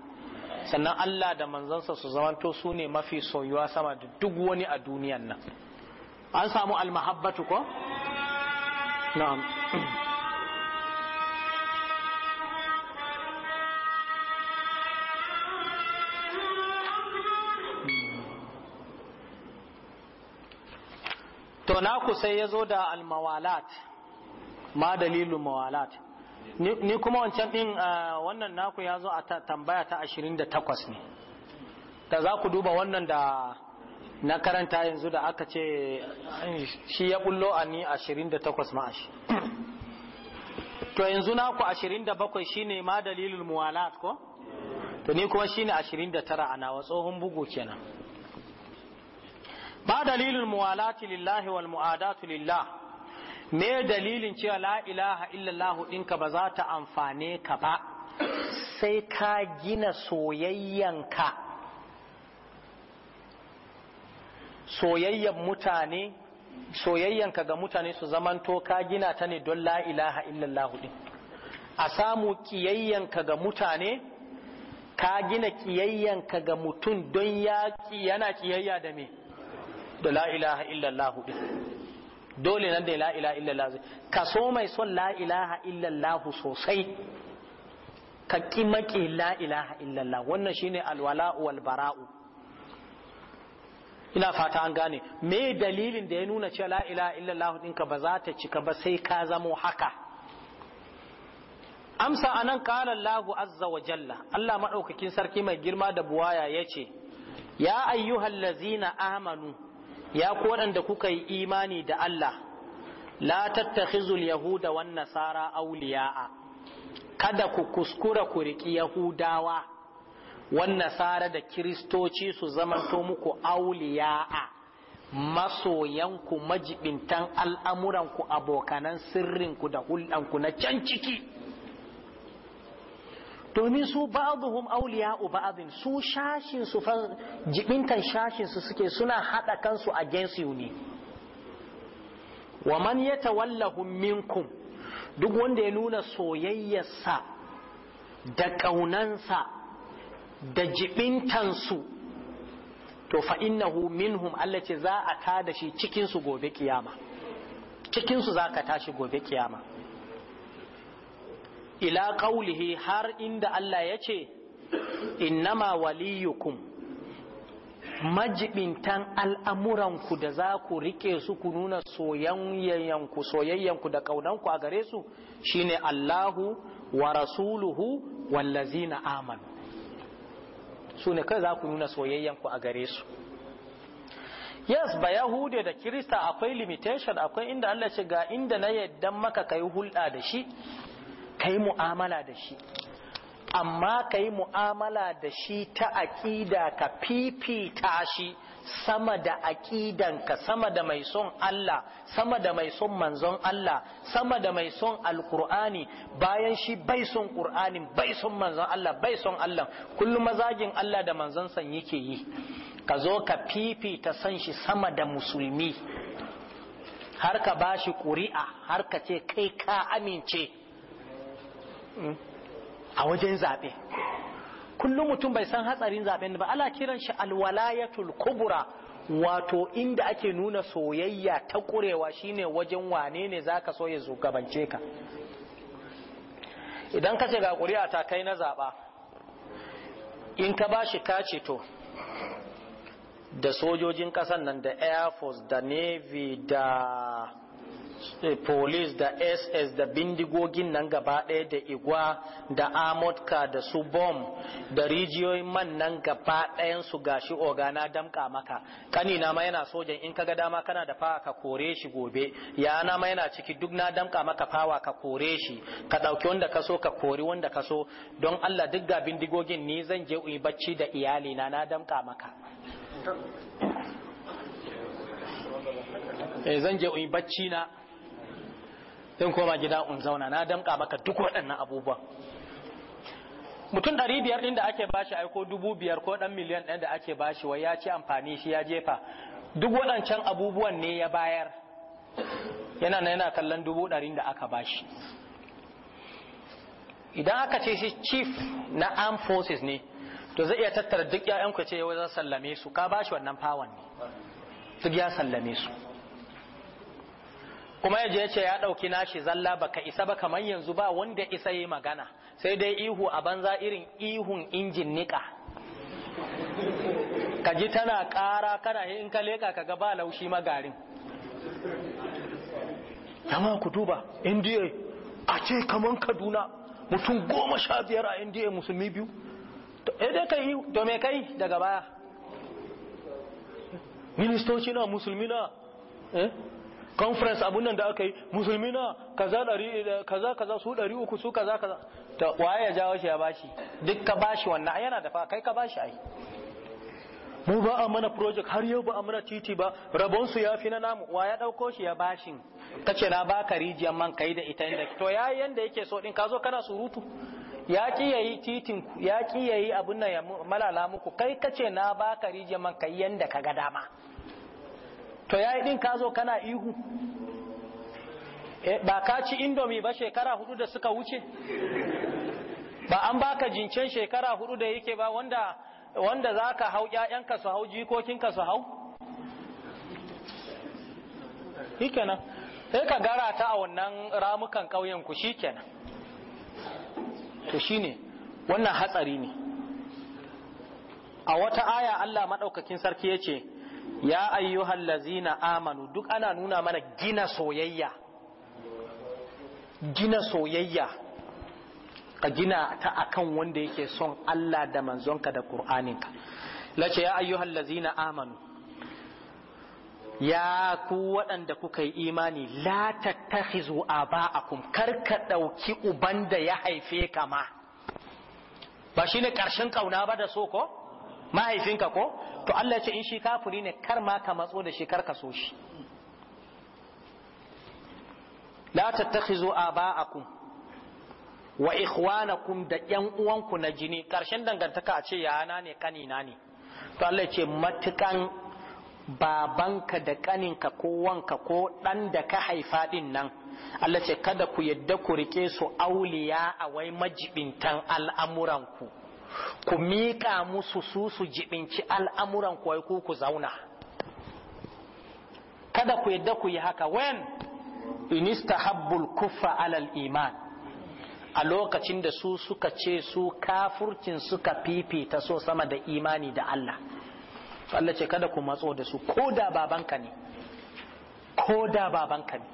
sannan Allah da manzansa su zamanto su ne mafi soyuwa sama da duk wani a duniyan nan an samu almahabbatu ko na'am to ku sai ya zo da almawalat ma dalilin mawalat ni kuma wancan din ah, wannan naku ya zo a tambaya ta 28 ne da za ku duba wannan da na karanta yanzu da aka ce shi ya bullo a ni 28 ma'ashi (clears throat) to yanzu naku 27 shine ma dalilul muwalat ko to ni kuma shine 29 ana wa tsohon bugu kenan ba dalilul muwalati lillahi wal mu'adatu lillahi me dalilin cewa la ilaha illallah ɗinka ba za ta amfane ka ba sai ka gina soyayyanka soyayyan mutane soyayyanka ga mutane su zamanto ka gina ta ne don la ilaha illallah ɗin a samu ƙiyayyanka ga mutane ka gina ƙiyayyanka ga mutum don ya yana ƙiyayya da me da la ilaha illallah ɗin dole nan da la ilaha zai ka so mai son la illallah sosai ka ki maki illallah wannan shine alwala'u wal bara'u ina fata an gane me dalilin da ya nuna cewa la ilaha illallah ɗinka ba za ta cika ba sai ka zamo haka amsa anan qala Allahu azza wa jalla Allah maɗaukakin sarki mai girma da buwaya ya ce, ya na amanu ya ku waɗanda kuka yi imani da Allah la tattakhizul yahuda wan nasara awliya'a kada ku kuskura ku riki yahudawa wan nasara da kiristoci su zama zamanto muku awliya'a masoyanku majibintan al'amuranku abokanan sirrinku da hulɗanku na can ciki domin su ba'dhum awliya'u ba'dhin su shashin su fa jibintan shashin su suke suna hada kansu against you ne wa man yatawallahum minkum duk wanda ya nuna soyayyarsa da kaunansa da jibintansu to fa innahu minhum Allah ce za a tada shi cikinsu gobe kiyama cikin su ka tashi gobe kiyama ila qaulihi har inda Allah ya ce innama waliyukum majibintan al'amuranku da za ku rike su ku nuna soyayyanku soyayyanku da ƙaunanku a gare su shine Allahu wa rasuluhu na amanu su ne kai za ku nuna soyayyanku a gare su yes ba yahude da kirista akwai limitation akwai inda Allah ce ga inda na yadda maka kai hulɗa da shi ka mu'amala da shi amma ka yi mu'amala da shi ta aƙida ka fifita shi sama da ka sama da mai son Allah sama da mai son manzon Allah sama da mai son alkur'ani bayan shi bai son ƙur'ani bai son manzon Allah bai son Allah kullum mazagin Allah da manzon san yake yi ka zo ka fifita san shi sama da musulmi har ka bashi ƙuri'a har ka ce kai ka amince a wajen zaɓe kullum mutum bai san hatsarin zaɓen ba ala kiran shi alwalayatul kubra wato inda ake nuna soyayya ta ƙurewa shine wajen wane ne zaka so ya shugabance ka idan ka ce ga ƙuri'a ta kai na zaɓa in ka bashi ka to da sojojin ƙasan nan da air force da navy da Eh, police da ss da bindigogin nan gaba ɗaya da igwa da amurka da su bom da rijiyoyin man nan gaba su gashi ogana damka maka kanina ma yana sojan in kaga dama kana da fawa ka kore shi gobe na ma yana ciki duk na damka maka fawa ka kore shi ka ɗauki wanda ka so ka kori wanda ka so don allah duk ga bindigogin ni zan je in bacci da iyalina na damka maka eh, zan je in bacci na In koma gida in zauna na damka maka duk waɗannan abubuwan mutum ɗari biyar ɗin da ake bashi aiko dubu biyar ko ɗan miliyan ɗin da ake bashi wai ya ci amfani shi ya jefa duk waɗancan abubuwan ne ya bayar yana na yana kallon dubu ɗari da aka bashi idan aka ce shi chief na armed forces ne to zai iya tattara duk ya ce ya sallame su ka bashi wannan fawon ne duk ya sallame su kuma yaje ya ce ya ɗauki nashi zalla baka isa ba kamar yanzu ba wanda isa yi magana sai dai ihu a banza irin ihun injin niƙa kaji tana ƙara kana in ka leka kaga ga ba laushi magarin Yama ku duba indiya a ce kamar kaduna mutum goma sha biyar a indiya musulmi biyu eh dai kai to me kai daga baya ministoci na musulmi na eh conference abun nan da aka yi musulmi na kaza dari kaza kaza su dari uku su kaza kaza ta waye ya jawo shi ya bashi duk ka bashi wannan yana da fa kai ka bashi ai mu ba a mana project har yau ba a mana titi ba rabon su fi na namu wa ya dauko shi ya bashin kace na baka rijiyar man kai da ita inda to yayi yanda yake so din zo kana surutu ya ki yayi titin ku ya ki yayi abun nan ya malala muku kai kace na baka rijiyar man kai yanda ka ga dama to ya yi ɗin ka zo kana ihu eh, ba ka ci indomi ba shekara hudu da suka wuce ba an baka jincen shekara hudu da yake ba wanda wanda za ka hau ‘ya'yanka su hau jikokinka su hau shikenan sai ka gara ta a wannan ramukan ƙauyenku kenan to shine wannan hatsari ne a wata aya Allah maɗaukakin sarki ya ce ya ayyuhal lazina amanu duk ana nuna mana gina soyayya gina soyayya ka gina ta akan wanda yake son Allah da manzonka da ƙur'aninka lace ya ayyuhal lazina amanu ya ku waɗanda kuka yi imani la tattakhizu a kar ka ɗauki uban da ya haife kama. Ba shi ne ƙarshen ƙauna ba da so ko mahaifinka ko to Allah ce in shi kafuri ne kar ma ka matso da shi kar ka so shi la tattakhizu aba'akum wa ikhwanakum da yan uwanku na jini karshen dangantaka a ce yana ne kanina ne to Allah ce matukan babanka da kaninka ko wanka ko dan da ka haifa din nan Allah ce kada ku yadda ku rike su auliya a wai majibintan al'amuran ku. ku miƙa musu su su jibinci al'amuran kuwa ku ku zauna kada ku yadda ku yi haka when inistahabbul kufa alal iman a lokacin da su suka ce su kafurcin suka fifita so sama da imani da Allah Allah ce kada ku matso da su ko da babanka ne ko da babanka ne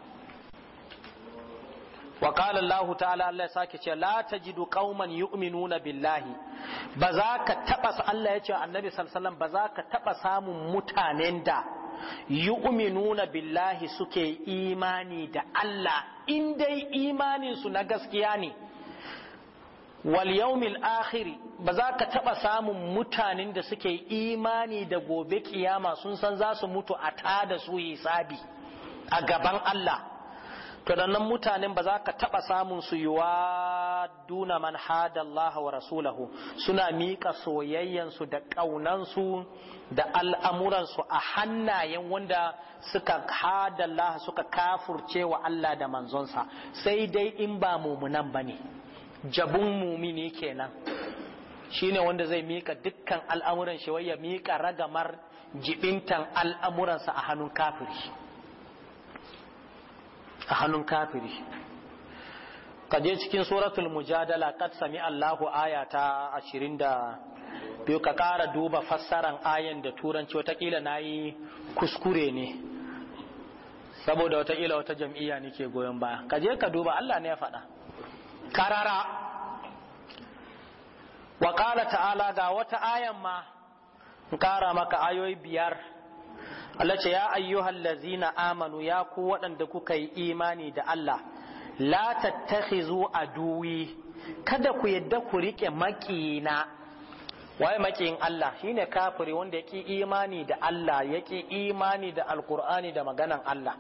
wa qala Allah ta'ala Allah ya sake ce la tajidu qauman yu'minuna billahi ba za ka taɓa Allah ya ce annabi sallallahu ba za ka taɓa samun mutanen da yu'minuna billahi suke imani da Allah in dai imanin su na gaskiya ne wal yawmil akhiri ba za ka taɓa samun mutanen da suke imani da gobe kiyama sun san za su mutu a tada su hisabi a gaban Allah to nan mutanen ba za ka taba samun su yiwa duna man Allah wa rasulahu suna miƙa soyayyansu da ƙaunansu da al'amuransu a hannayen wanda suka hada Allah suka kafurce wa Allah da manzonsa sai dai in ba mumunan bane jabun mumini kenan shine wanda zai mika dukkan al'amuran shi waya mika ragamar jibintan al'amuransa a hannun kafiri a hannun kafiri ka je cikin suratul mujadala kad sami Allahu ayata ashirin da 22 ka kara duba fassaran ayan da turanci watakila nayi kuskure ne saboda watakila wata jam'iyya nake goyon ba, ka je ka duba Allah ne ya faɗa karara wa ta'ala ga wata ayan ma in kara maka ayoyi biyar Allah ce ya ayyuhal lazina amanu ya ku waɗanda kuka yi imani da Allah la tattakhizu aduwi kada ku yadda ku rike makina waye makiyin Allah shine kafiri wanda yake imani da Allah yake imani da alkur'ani da maganan Allah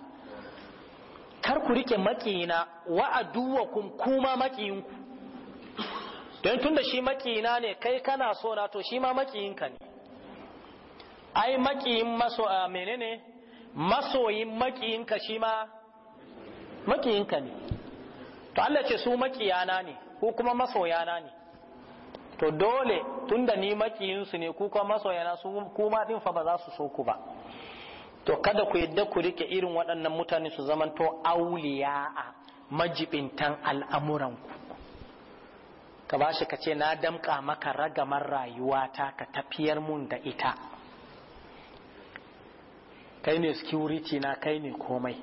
kar ku rike makina wa aduwakum kuma makiyinku don tunda shi makina ne kai kana so na to shi ma makiyinka ne ai makiyin maso a ah, menene masoyin makiyin ka shi ma ka ne to Allah ce su makiyana ne ko kuma masoyana ne to dole tunda ni makiyinsu ne ku kuma masoyana su kuma din fa ba za su so ku ba to kada ku yadda ku rike irin waɗannan mutane su zaman zamanto auliya'a majibintan al'amuran ku. ka bashi ka ce na damƙa maka ragamar rayuwata ka tafiyar mun da ita kai ne security na kai ne komai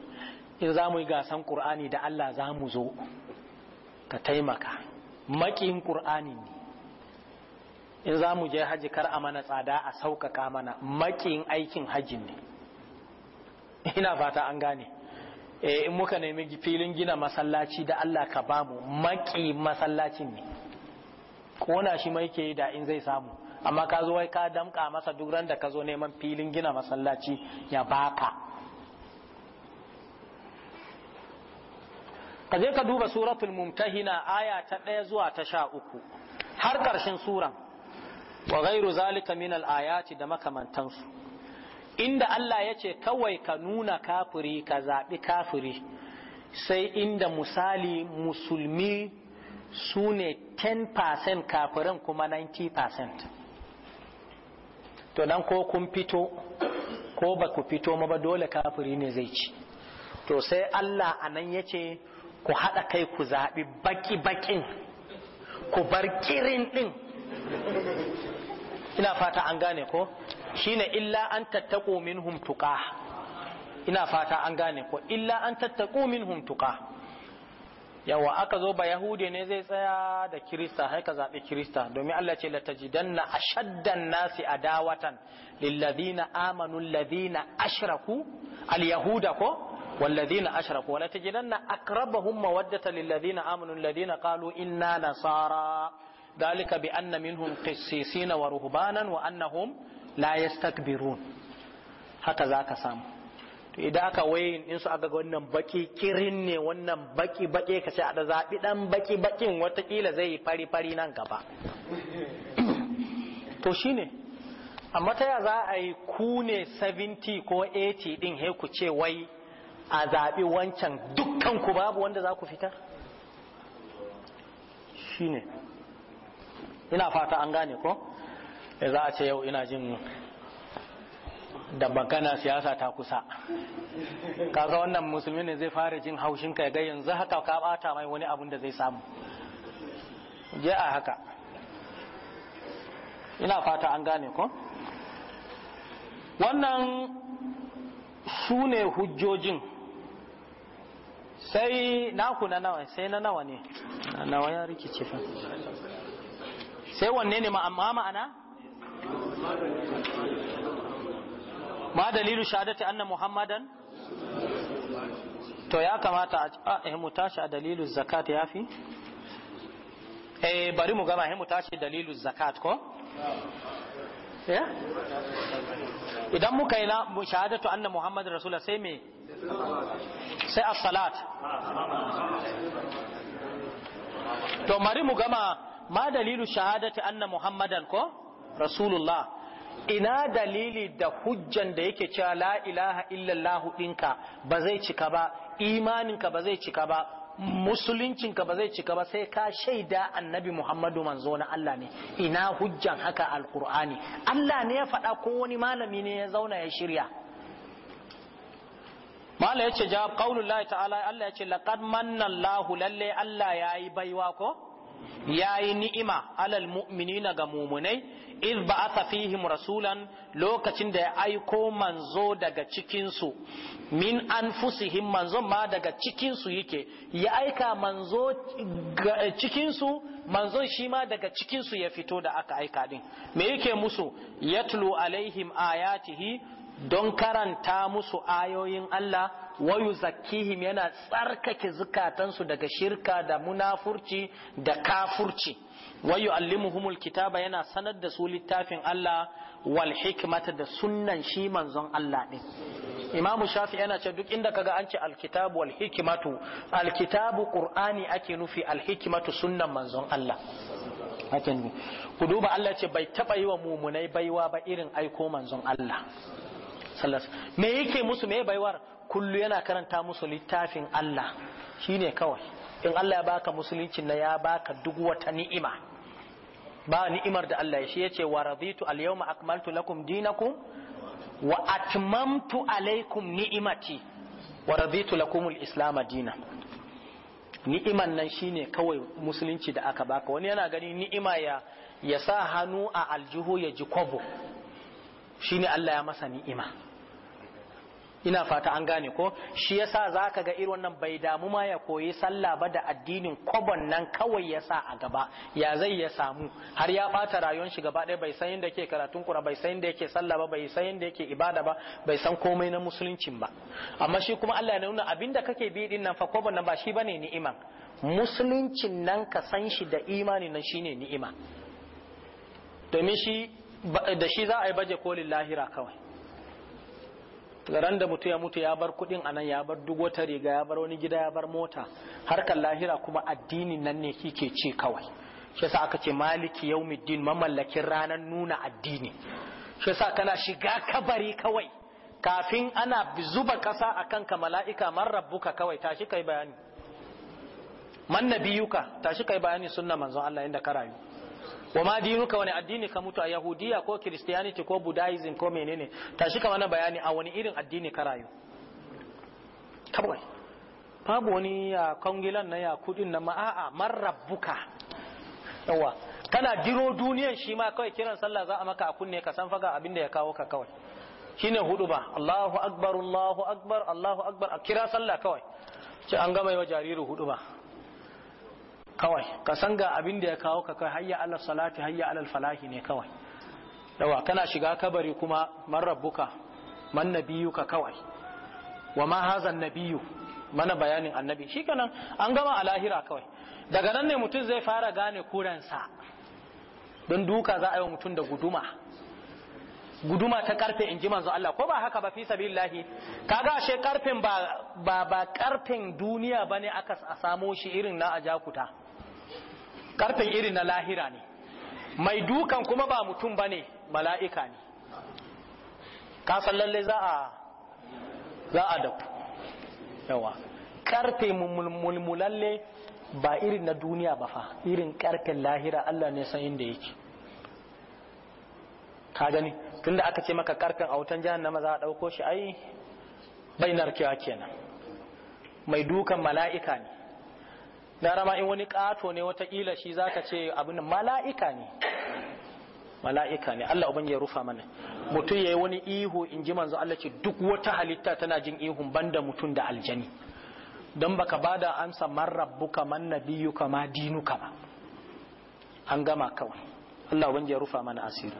in za mu yi gasan ƙur'ani da Allah za mu zo ka taimaka maƙin ƙur'ani ne in za mu je haji kar a mana tsada a sauƙaƙa mana maƙin aikin hajin ne ina fata an gane eh, in muka nemi filin gina masallaci da Allah ka bamu maƙi masallacin ne ko na shi mai ke da in zai samu amma ka zo wai ka damka masa duk ran da ka zo neman filin gina masallaci ya baka ka je ka duba suratul mumtahina aya ta ɗaya zuwa ta sha uku har ƙarshen suran wa ghairu zalika min al-ayati da makamantansu inda Allah yace kawai ka nuna kafiri ka zaɓi kafiri sai inda misali musulmi sune ne 10% kafirin kuma 90% to nan ko kun fito ko ba ku fito ma ba dole kafiri ne zai ci to sai Allah a nan ya ce ku haɗa kai ku zaɓi baki-bakin ku bar kirin ɗin ina fata an gane ko shine illa an tattaku minhum tuqa ina fata an gane ko illa an tattaku minhum tuqa yawa aka zo ba yahudi ne zai tsaya da kirista har ka zaɓi kirista domin allah ce latajidan na ashaddan nasi adawatan lilladina amanun ladina ashraku alyahuda ko walladina ashraku wa latajidan na akrabahum mawaddata lilladina amanun ladina qalu inna nasara dalika bi anna minhum qissisina wa ruhbanan wa annahum la yastakbirun haka zaka samu to idan aka wayin in su aka ga wannan baki kirin ne wannan baki baki kace a da zabi dan baki bakin watakila zai yi fari fari nan gaba (coughs) to shine amma ta ya za a yi ku ne 70 ko 80 din he ku ce wai a zabi wancan dukkan ku babu wanda za ku fitar shine ina fata an gane ko eh, za a ce yau ina jin da magana siyasa ta kusa kaga wannan musulmi ne zai fara jin haushin ka ga yanzu haka ka bata mai wani abun da zai samu je a haka ina fata an gane ko wannan su ne hujjojin sai naku na nawa sai na nawa ne nawa ya rikice fa sai wanne ne ma'amma ma'ana ma dalilu شهادة anna muhammadan to ya kamata a mu tashi a dalilu zakat ya fi eh bari mu gama mu tashi dalilu zakat ko idan muka yi shahadatu anna muhammadan rasulullah sai me sai as-salat to bari mu gama ma dalilu shahadati anna muhammadan ko rasulullah ina dalili da hujjan da yake cewa la ilaha illallah dinka ba zai cika ba imaninka ba zai cika ba musuluncinka ba zai cika ba sai ka shaida annabi muhammadu manzo na Allah ne ina hujjan haka alkur'ani Allah ne ya faɗa ko wani malami ne ya zauna ya shirya mala ya jawab qaulullahi ta'ala Allah ya ce laqad manna Allahu lalle Allah yayi baiwa ko yayi ni'ima alal mu'minina ga mumunai iz ba'atha fihim rasulan lokacin da ya aiko manzo daga cikin su min anfusihim manzo ma daga cikin su yake ya aika manzo cikin su manzon shi ma daga cikin su ya fito da aka aika din me yake musu yatlu alaihim ayatihi don karanta musu ayoyin Allah wayu zakihim yana tsarkake zukatansu daga shirka da munafurci da kafurci wa yu'allimuhumul kitaba yana sanar da su littafin Allah wal hikmata da sunnan shi manzon Allah din Imam Shafi yana ce duk inda kaga an ce alkitabu wal hikmatu alkitabu qur'ani ake nufi al hikmatu sunnan manzon Allah ake nufi ku duba Allah ce bai taba yi wa mumunai baiwa ba irin aiko manzon Allah sallallahu me yake musu me baiwar kullu yana karanta musu littafin Allah shine kawai in Allah ya baka musulunci na ya baka duk wata ni'ima ba ni'imar da Allah ya shi yace wa raditu al yawma akmaltu lakum dinakum wa atmamtu alaikum ni'imati wa raditu lakum al islam dina ni'iman nan shine kawai musulunci da aka baka wani yana gani ni'ima ya ya sa hannu a aljihu ya ji kwabo shine Allah ya masa ni'ima ina fata an gane ko shi yasa ka ga irin wannan bai damu ma ya koyi sallah ba da addinin kwabon nan kawai ya sa a gaba ya zai ya samu har ya bata rayuwar shi gaba ɗaya bai san yadda yake karatun kura bai san yadda yake sallah ba bai san yadda yake ibada ba bai san komai na musuluncin ba amma shi kuma Allah ya nuna abinda kake bi din nan fa kwabon nan ba shi bane musuluncin nan ka san shi da imani nan shine ni'ima domin shi da shi za a yi baje kolin lahira kawai ran da mutu ya mutu ya bar kudin anan ya bar duk wata riga ya bar wani gida ya bar mota harkar lahira kuma addini nan ne kike ce kawai shi yasa aka ce maliki yaumiddin mamallakin ranar nuna addini shi yasa kana shiga kabari kawai kafin ana zuba kasa akan ka mala'ika man rabbuka kawai tashi kai bayani man nabiyuka tashi kai bayani sunna manzon Allah inda ka rayu wa ma dinuka wani addini ka mutu a yahudiya ko Kiristiyaniti ko budaism ko menene tashi ka wani bayani a wani irin addini ka rayu kabai babu wani ya kongilan na ya kudin na ma'a'a marrabbuka yawa kana diro duniyan shi ma kawai kiran sallah za a maka a kunne ka san faga abinda ya kawo ka kawai shine hudu ba Allahu akbar Allahu akbar Allahu akbar a kira sallah kawai ce an gama yi wa jariri hudu ba kawai ka san ga abin da ya kawo ka kai hayya alal salati hayya alal falahi ne kawai yawa kana shiga kabari kuma man rabbuka man nabiyuka kawai wa ma hadha nabiyyu mana bayanin annabi shi shikenan an gama a lahira kawai daga nan ne mutum zai fara gane kuransa don duka za a yi wa mutum da guduma guduma ta karfe in ji manzo Allah ko ba haka ba fi sabilillahi kaga ashe karfin ba ba, karfin duniya bane aka samu shi irin na ajakuta karfin irin na lahira ne mai dukan kuma ba mutum ba ne mala'ika ne kasan lalle za a za a dafu yawa karfe mulmulalle ba irin na duniya ba fa irin karfen lahira Allah ne san inda yake ka gani tunda aka ce maka karfin a wutan na maza a dauko shi ai bainar kewa kenan mai dukan mala'ika ne gara ma in wani ƙato ne watakila shi zaka ce abin mala'ika ne mala'ika ne Allah uban ya rufa mana mutum yayi wani ihu in ji manzo Allah ce duk wata halitta tana jin ihun banda mutum da aljani don baka da amsa man rabbuka man nabiyuka ma dinuka ba an gama kawai Allah uban ya rufa mana asiri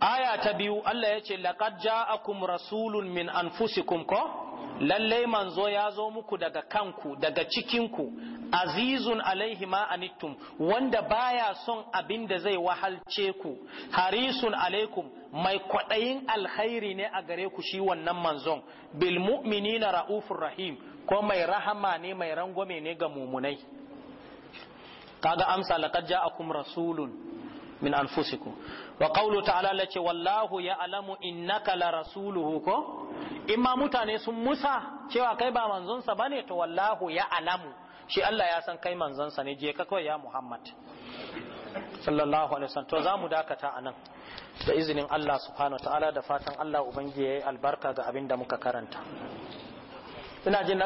aya ta biyu Allah ya ce laqad ja'akum rasulun min anfusikum ko lallai manzo ya zo muku daga kanku daga cikinku azizun alaihi ma anittum wanda baya son abin da zai wahalce ku harisun alaikum mai kwaɗayin alkhairi ne a gare ku shi wannan manzon bil mu'minina ra'ufur rahim ko mai rahama ne mai rangwame ne ga mumunai kaga amsa laqad ja'akum rasulun min anfusikum wa qawlu ta'ala la ce wallahu ya'lamu innaka la rasuluhu ko imma mutane sun musa cewa kai ba manzon sa bane to wallahu ya'lamu shi Allah ya san kai manzon sa ne je ka ya Muhammad sallallahu alaihi wasallam to zamu dakata anan da izinin Allah subhanahu wa ta'ala da fatan Allah ubangiji yayi albarka ga abin da muka karanta ina jin